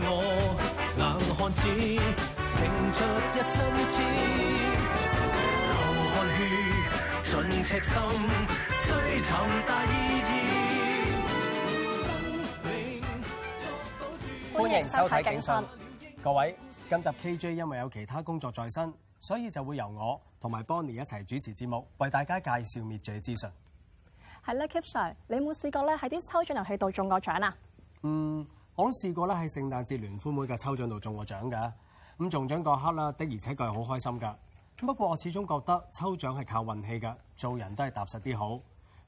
我汗子拼出一生痴，流汗血，盡赤心，追尋大意。歡迎收睇警訊，各位，今集 KJ 因為有其他工作在身，所以就會由我同埋 Bonnie 一齊主持節目，為大家介紹滅罪資訊。係啦 k Sir，你有冇試過咧喺啲抽獎遊戲度中過獎啊？嗯。我都試過咧喺聖誕節聯歡會嘅抽獎度中過獎㗎，咁中獎嗰刻啦，的而且確係好開心㗎。不過我始終覺得抽獎係靠運氣㗎，做人都係踏實啲好。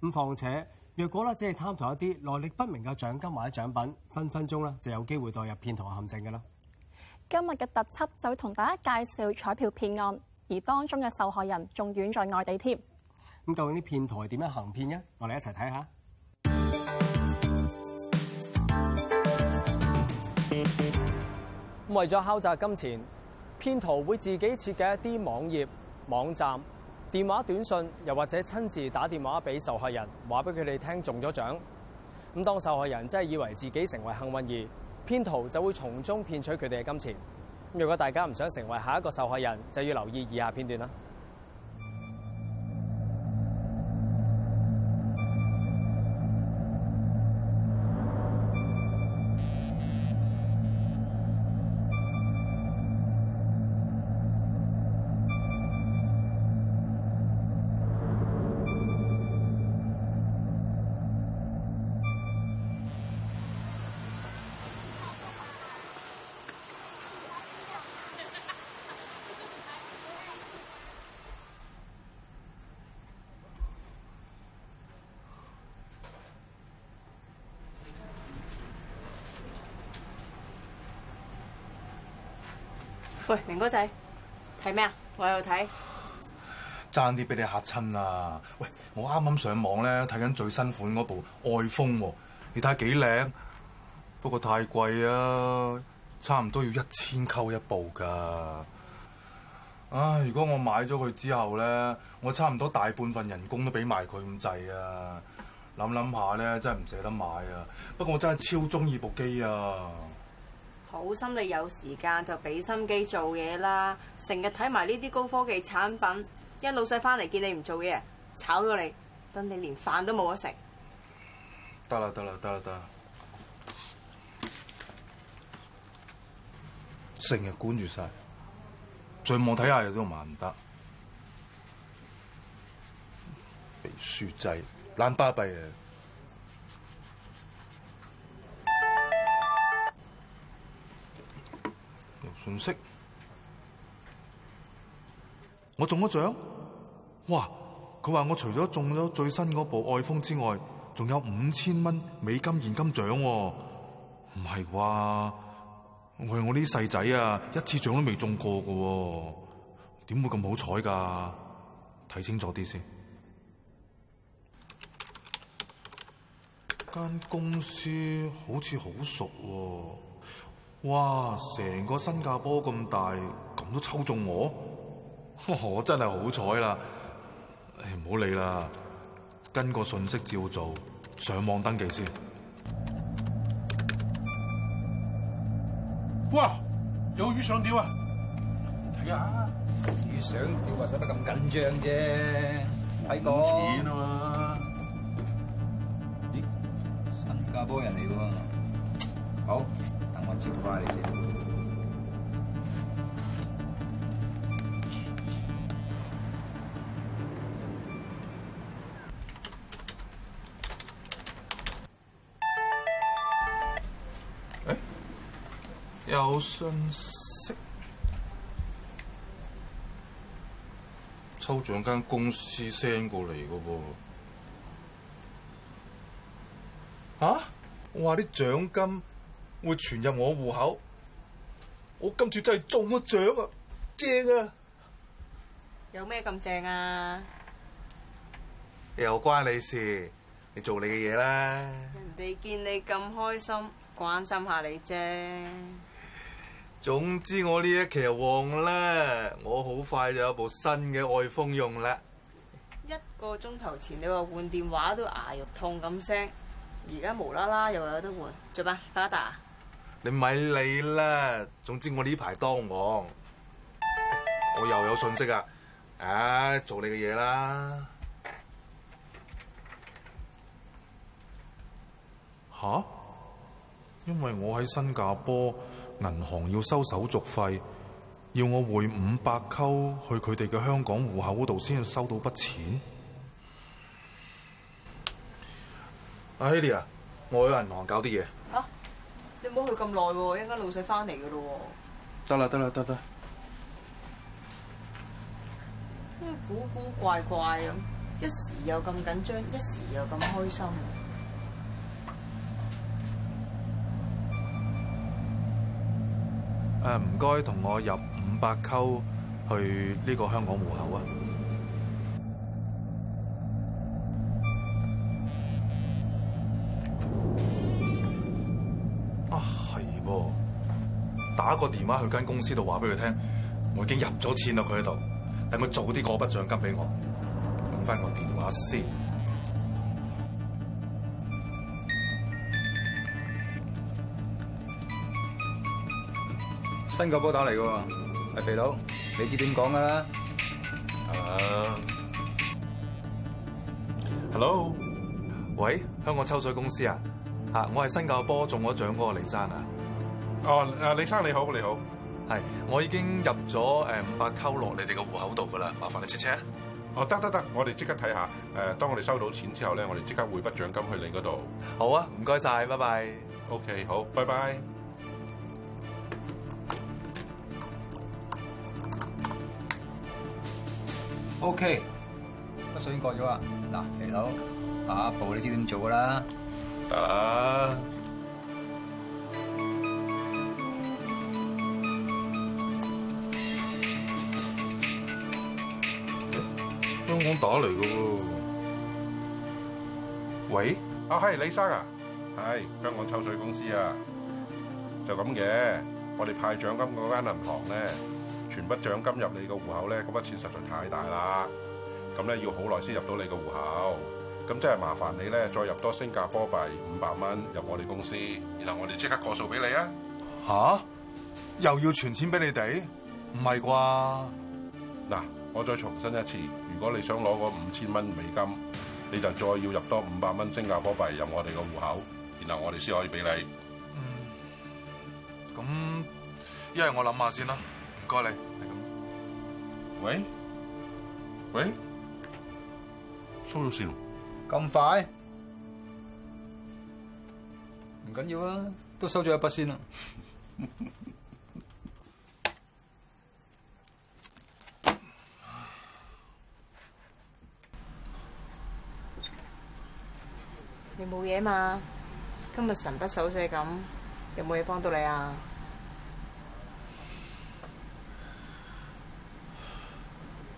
咁況且若果咧只係貪圖一啲來歷不明嘅獎金或者獎品，分分鐘咧就有機會墮入騙徒陷阱㗎啦。今日嘅特輯就同大家介紹彩票騙案，而當中嘅受害人仲遠在外地添。咁究竟啲騙徒點樣行騙呢？我哋一齊睇下。為咗敲詐金錢，騙徒會自己設計一啲網頁、網站、電話短信，又或者親自打電話俾受害人，話俾佢哋聽中咗獎。咁當受害人真係以為自己成為幸運兒，騙徒就會從中騙取佢哋嘅金錢。如果大家唔想成為下一個受害人，就要留意以下片段啦。喂，明哥仔，睇咩啊？我喺度睇，爭啲俾你嚇親啦！喂，我啱啱上網咧，睇緊最新款嗰部愛瘋，你睇下幾靚，不過太貴啊，差唔多要一千溝一部噶。唉，如果我買咗佢之後咧，我差唔多大半份人工都俾埋佢咁滯啊！諗諗下咧，真係唔捨得買啊！不過我真係超中意部機啊！好心你有時間就俾心機做嘢啦，成日睇埋呢啲高科技產品，一老細翻嚟見你唔做嘢，炒咗你，等你連飯都冇得食。得啦得啦得啦得，成日管住晒，再望睇下都萬唔得，鼻書制爛巴閉啊！唔識，我中咗獎，哇！佢話我除咗中咗最新嗰部愛風之外，仲有五千蚊美金現金獎喎，唔係啩？我係我呢啲細仔啊，一次獎都未中過㗎喎，點會咁好彩㗎？睇清楚啲先，間 公司好似好熟喎。哇！成個新加坡咁大，咁都抽中我，我真係好彩啦！唉，唔好理啦，跟個信息，照做，上網登記先。哇！有魚上釣啊！係啊，魚上釣啊，使得咁緊張啫，睇我。錢啊嘛！咦？新加坡人嚟㗎喎，好。哎，有信息，抽獎間公司 send 過嚟嘅喎。啊，我話啲獎金，會傳入我戶口，我今次真係中咗獎啊！正啊！有咩咁正啊？又關你事，你做你嘅嘢啦。人哋見你咁開心，關心下你啫。總之我呢一期旺啦，我好快就有部新嘅愛瘋用啦。一個鐘頭前你話換電話都牙肉痛咁聲，而家無啦啦又話有得換，做咩，發達你咪理啦，總之我呢排當王，我又有信息啊！誒，做你嘅嘢啦。吓、啊？因為我喺新加坡銀行要收手續費，要我匯五百溝去佢哋嘅香港戶口嗰度先收到筆錢。阿希迪啊，我去銀行搞啲嘢。啊你唔好去咁耐喎，一陣間老細翻嚟㗎咯喎。得啦得啦得得。古古怪怪咁，一時又咁緊張，一時又咁開心。誒，唔該，同我入五百溝去呢個香港戶口啊！個電話去間公司度話俾佢聽，我已經入咗錢咯，佢喺度，等咪早啲過筆獎金俾我。搵翻個電話先。新加坡打嚟噶，係肥佬，你知點講噶？啦 Hello 喂，香港抽水公司啊，吓，我係新加坡中咗獎嗰個李生啊。哦，誒，李生你好，你好，係，我已經入咗誒五百扣落你哋個戶口度噶啦，麻煩你 check check。哦，得得得，我哋即刻睇下，誒，當我哋收到錢之後咧，我哋即刻匯筆獎金去你嗰度。好啊，唔該晒，拜拜。OK，好，拜拜。OK，筆數已經過咗啊。嗱，你好，下一步你知點做噶啦？啊。打嚟嘅，喂，啊，哦，係李生啊，係香港抽水公司啊，就咁嘅，我哋派獎金嗰間銀行咧，存筆獎金入你個戶口咧，嗰筆錢實在太大啦，咁咧要好耐先入到你個戶口，咁真係麻煩你咧，再入多新加坡幣五百蚊入我哋公司，然後我哋即刻過數俾你啊。吓，又要存錢俾你哋，唔係啩？嗱，我再重申一次，如果你想攞嗰五千蚊美金，你就再要入多五百蚊新加坡幣入我哋個戶口，然後我哋先可以俾你。嗯，咁一係我諗下先啦，唔該你，係咁。喂，喂，收咗線。咁快？唔緊要啊，都收咗一筆先啦。 你冇嘢嘛？今日神不守舍咁，有冇嘢幫到你啊？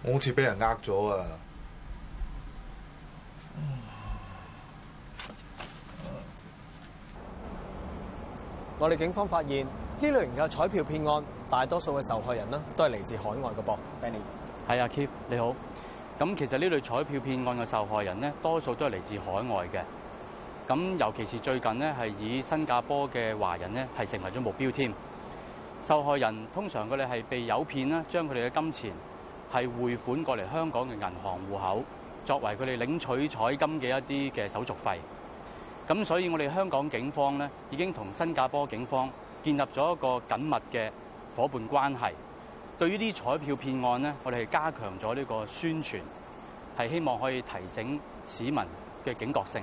我好似俾人呃咗啊！我哋警方發現呢類型嘅彩票騙案，大多數嘅受害人都係嚟自海外嘅噃。Benny。係啊，Keep，你好。咁其實呢類彩票騙案嘅受害人咧，多數都係嚟自海外嘅。咁尤其是最近咧，係以新加坡嘅華人咧係成為咗目標添。受害人通常佢哋係被誘騙啦，將佢哋嘅金錢係匯款過嚟香港嘅銀行戶口，作為佢哋領取彩金嘅一啲嘅手續費，咁所以，我哋香港警方咧已經同新加坡警方建立咗一個緊密嘅伙伴關係，對於啲彩票騙案咧，我哋係加強咗呢個宣傳，係希望可以提醒市民嘅警覺性。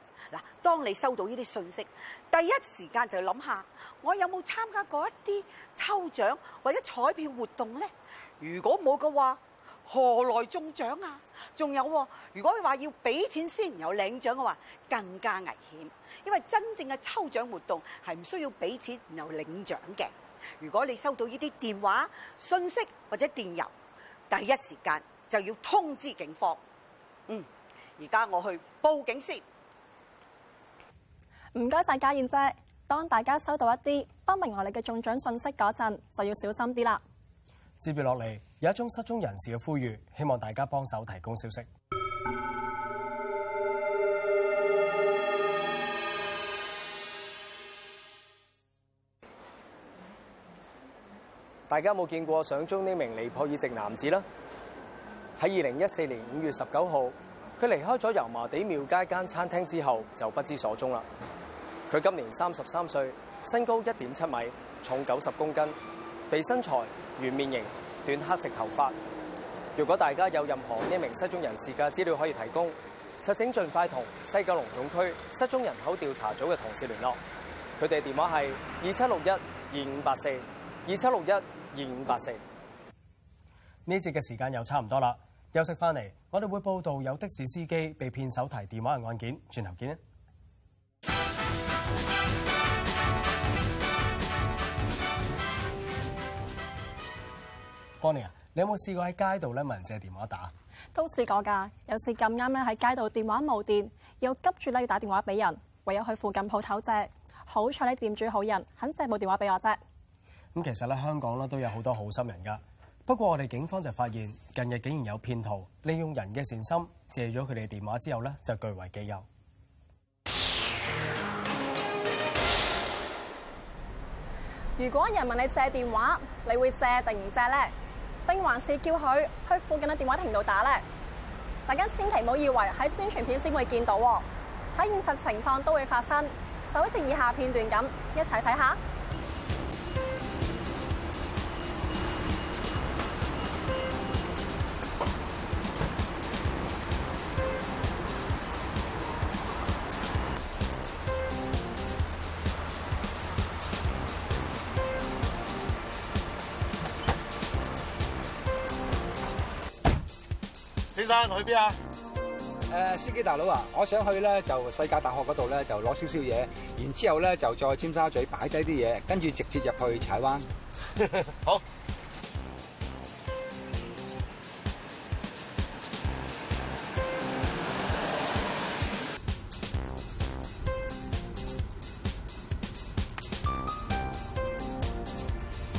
嗱，當你收到呢啲信息，第一時間就諗下，我有冇參加過一啲抽獎或者彩票活動呢？如果冇嘅話，何來中獎啊？仲有，如果你話要俾錢先有領獎嘅話，更加危險，因為真正嘅抽獎活動係唔需要俾錢然後領獎嘅。如果你收到呢啲電話、信息或者電郵，第一時間就要通知警方。嗯，而家我去報警先。唔該晒，家燕姐。當大家收到一啲不明來歷嘅中獎信息嗰陣，就要小心啲啦。接住落嚟有一宗失蹤人士嘅呼籲，希望大家幫手提供消息。大家有冇見過相中呢名尼泊爾籍男子啦？喺二零一四年五月十九號，佢離開咗油麻地廟街間餐廳之後，就不知所蹤啦。佢今年三十三歲，身高一點七米，重九十公斤，肥身材，圓面型，短黑直頭髮。如果大家有任何呢名失蹤人士嘅資料可以提供，就請盡快同西九龍總區失蹤人口調查組嘅同事聯絡。佢哋電話係二七六一二五八四二七六一二五八四。呢節嘅時間又差唔多啦，休息翻嚟，我哋會報道有的士司機被騙手提電話嘅案件，轉頭見。Bonnie，你有冇試過喺街度咧問人借電話打？都試過噶，有次咁啱咧喺街度電話冇電，又急住咧要打電話俾人，唯有去附近鋪頭借。好彩你店主好人肯借部電話俾我啫。咁其實咧，香港咧都有好多好心人噶，不過我哋警方就發現近日竟然有騙徒利用人嘅善心借咗佢哋電話之後咧就據為己有。如果人問你借電話，你會借定唔借咧？定還是叫佢去附近嘅電話亭度打咧？大家千祈唔好以為喺宣傳片先會見到，喺現實情況都會發生，就好似以下片段咁，一齊睇下。去邊啊？誒、uh，司機大佬啊，我想去咧就世界大學嗰度咧，就攞少少嘢，然之後咧，就再尖沙咀擺低啲嘢，跟住直接入去柴灣。 好。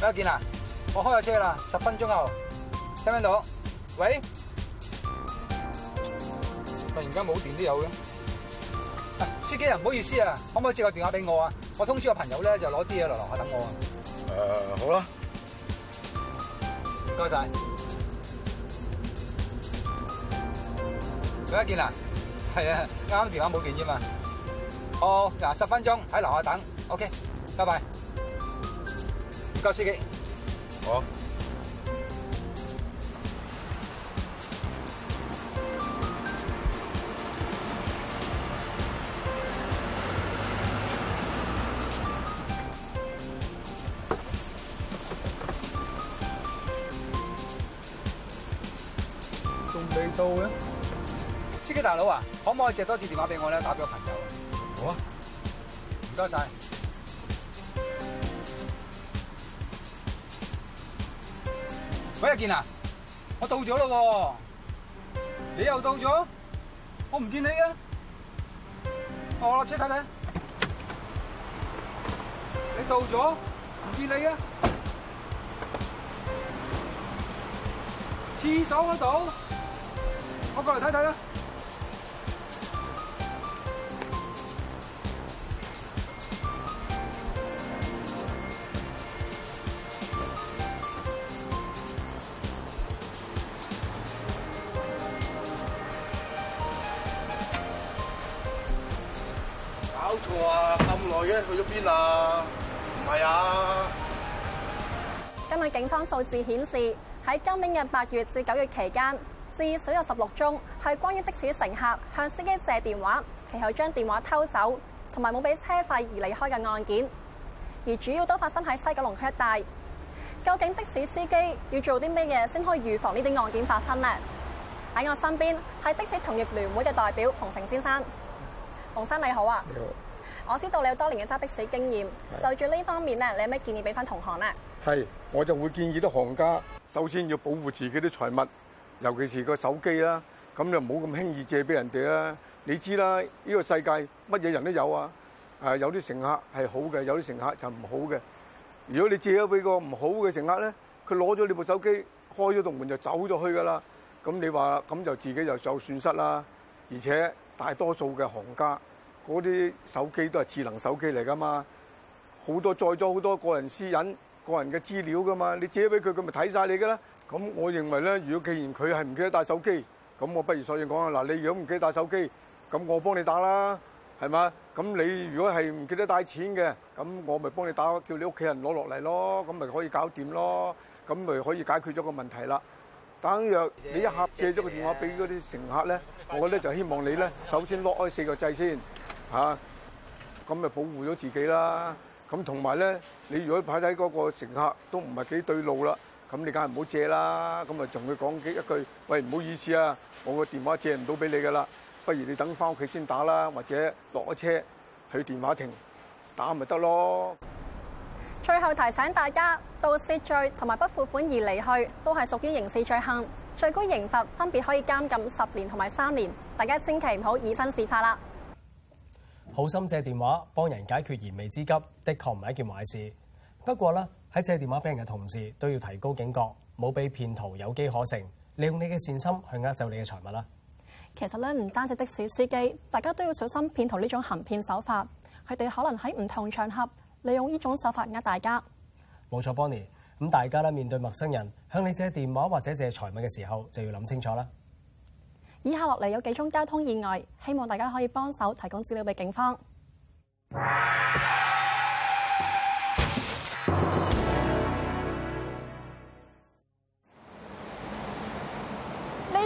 阿健啊，我開咗車啦，十分鐘後，聽唔聽到？喂？而家冇電都有嘅。司機啊，唔好意思啊，可唔可以借個電話俾我啊？我通知個朋友咧，就攞啲嘢落樓下等我啊。誒，好啦，唔該晒。喂，建啊，係啊，啱啱電話冇電啫嘛。哦，嗱，十分鐘喺樓下等，OK，拜拜。唔該，司機。好。大佬啊，可唔可以借多支電話俾我咧？打俾我朋友。好啊，唔該晒。喂阿健啊，我到咗咯，你又到咗，我唔見你啊！我落車睇睇。你到咗？唔見你啊？廁所嗰度，我過嚟睇睇啦。去咗邊啊？唔係啊！今日警方數字顯示，喺今年嘅八月至九月期間，至少有十六宗係關於的士乘客向司機借電話，其後將電話偷走，同埋冇俾車費而離開嘅案件。而主要都發生喺西九龍區一帶。究竟的士司機要做啲咩嘢先可以預防呢啲案件發生呢？喺我身邊係的士同業聯會嘅代表洪成先生。洪生你好啊。我知道你有多年嘅揸的士經驗，就住呢方面咧，你有咩建議俾翻同行咧？係，我就會建議啲行家，首先要保護自己啲財物，尤其是個手機啦，咁就唔好咁輕易借俾人哋啦。你知啦，呢、呢個世界乜嘢人都有啊，誒，有啲乘客係好嘅，有啲乘客就唔好嘅。如果你借咗俾個唔好嘅乘客咧，佢攞咗你部手機，開咗度門就走咗去噶啦，咁你話咁就自己就受損失啦，而且大多數嘅行家。嗰啲手機都係智能手機嚟㗎嘛，好多載咗好多個人私隱、個人嘅資料㗎嘛。你借俾佢，佢咪睇晒你㗎啦。咁我認為咧，如果既然佢係唔記得帶手機，咁我不如所以講啊。嗱，你如果唔記得帶手機，咁我幫你打啦，係嘛？咁你如果係唔記得帶錢嘅，咁我咪幫你打，叫你屋企人攞落嚟咯，咁咪可以搞掂咯，咁咪可以解決咗個問題啦。等如你一下借咗個電話俾嗰啲乘客咧，我咧就希望你咧首先 lock 開四個掣先，嚇、啊，咁咪保護咗自己啦。咁同埋咧，你如果睇睇嗰個乘客都唔係幾對路啦，咁你梗係唔好借啦。咁咪仲會講幾一句，喂，唔好意思啊，我個電話借唔到俾你噶啦，不如你等翻屋企先打啦，或者落咗車去電話亭打咪得咯。最後提醒大家，盜竊罪同埋不付款而離去都係屬於刑事罪行，最高刑罰分別可以監禁十年同埋三年。大家千祈唔好以身試法啦。好心借電話幫人解決燃眉之急，的確唔係一件壞事。不過咧，喺借電話俾人嘅同時，都要提高警覺，冇俾騙徒有機可乘，利用你嘅善心去呃走你嘅財物啦。其實咧，唔單止的士司機，大家都要小心騙徒呢種行騙手法。佢哋可能喺唔同場合，利用呢種手法呃大家，冇錯，Bonnie 咁大家咧，面對陌生人向你借電話或者借財物嘅時候就要諗清楚啦。以下落嚟有幾宗交通意外，希望大家可以幫手提供資料俾警方。呢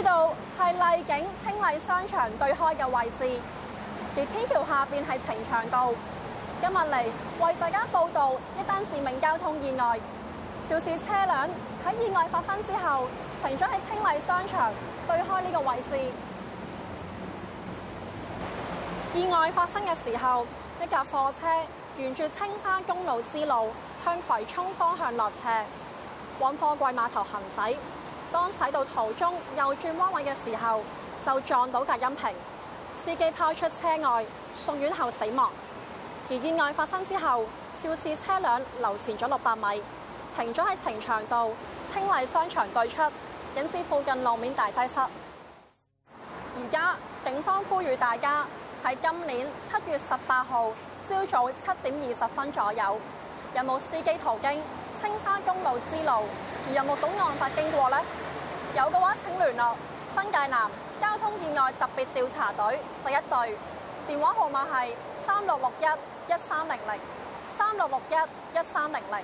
度係荔景清麗商場對開嘅位置，而天橋下面係平場道。今日嚟為大家報道一單致命交通意外。肇事車輛喺意外發生之後停咗喺青荔商場對開呢個位置。意外發生嘅時候，一架貨車沿住青山公路支路向葵涌方向落斜往貨櫃碼頭行駛。當駛到途中右轉彎位嘅時候，就撞到隔音屏，司機拋出車外，送院後死亡。而意外發生之後，肇事車輛流前咗六百米，停咗喺青翔道清麗商場對出，引致附近路面大擠塞。而家警方呼籲大家喺今年七月十八號朝早七點二十分左右，有冇司機途經青沙公路支路而有冇目睹案發經過呢？有嘅話請聯絡新界南交通意外特別調查隊第一隊，電話號碼係三六六一。一三零零三六六一一三零零。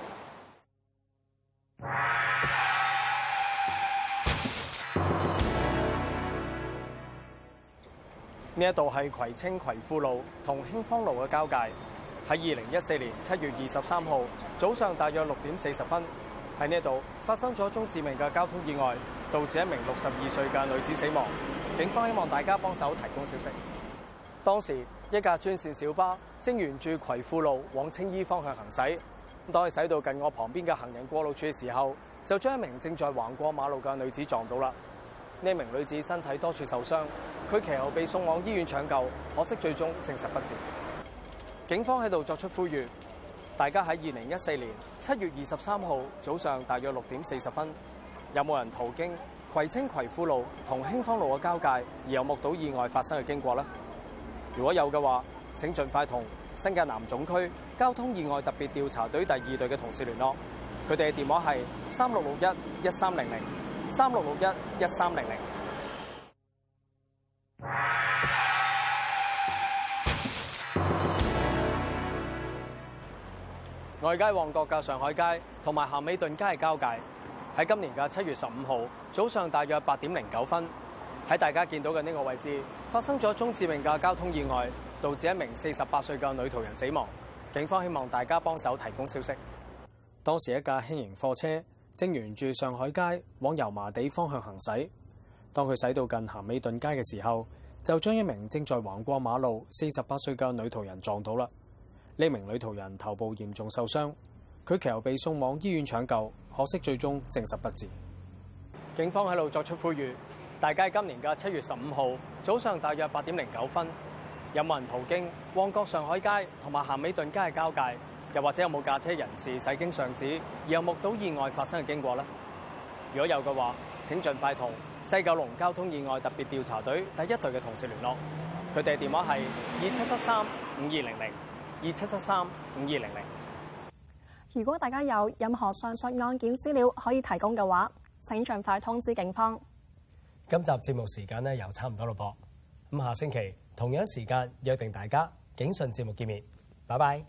呢一度係葵青葵富路同興芳路嘅交界。喺二零一四年七月二十三號早上大約六點四十分，喺呢一度發生咗宗致命嘅交通意外，導致一名六十二歲嘅女子死亡。警方希望大家幫手提供消息。當時一架專線小巴正沿住葵富路往青衣方向行駛，當佢駛到近我旁邊嘅行人過路處嘅時候，就將一名正在橫過馬路嘅女子撞到啦。呢名女子身體多處受傷，佢其後被送往醫院搶救，可惜最終證實不治。警方喺度作出呼籲，「大家喺二零一四年七月二十三號早上大約六點四十分，有冇人途經葵青葵富路同興芳路嘅交界，而又目睹意外發生嘅經過呢？」如果有嘅話，請盡快同新界南總區交通意外特別調查隊第二隊嘅同事聯絡，佢哋嘅電話係三六六一一三零零三六六一一三零零。外街旺角嘅上海街同埋咸美頓街嘅交界，喺今年嘅七月十五號早上大約八點零九分，喺大家見到嘅呢個位置發生咗宗致命嘅交通意外，導致一名四十八歲嘅女途人死亡。警方希望大家幫手提供消息。當時一架輕型貨車正沿住上海街往油麻地方向行駛，當佢駛到近咸美頓街嘅時候，就將一名正在橫過馬路四十八歲嘅女途人撞到啦。呢名女途人頭部嚴重受傷，佢其後被送往醫院搶救，可惜最終證實不治。警方喺度作出呼籲。大概今年嘅七月十五號早上，大約八點零九分，有冇人途經旺角上海街同埋咸美頓街嘅交界？又或者有冇駕車人士駛經上址，而有目睹意外發生嘅經過咧？如果有嘅話，請盡快同西九龍交通意外特別調查隊第一隊嘅同事聯絡，佢哋電話係二七七三五二零零二七七三五二零零。如果大家有任何上述案件資料可以提供嘅話，請盡快通知警方。今集節目時間呢，又差唔多嘞噃，咁下星期同樣時間約定大家警訊節目見面，拜拜。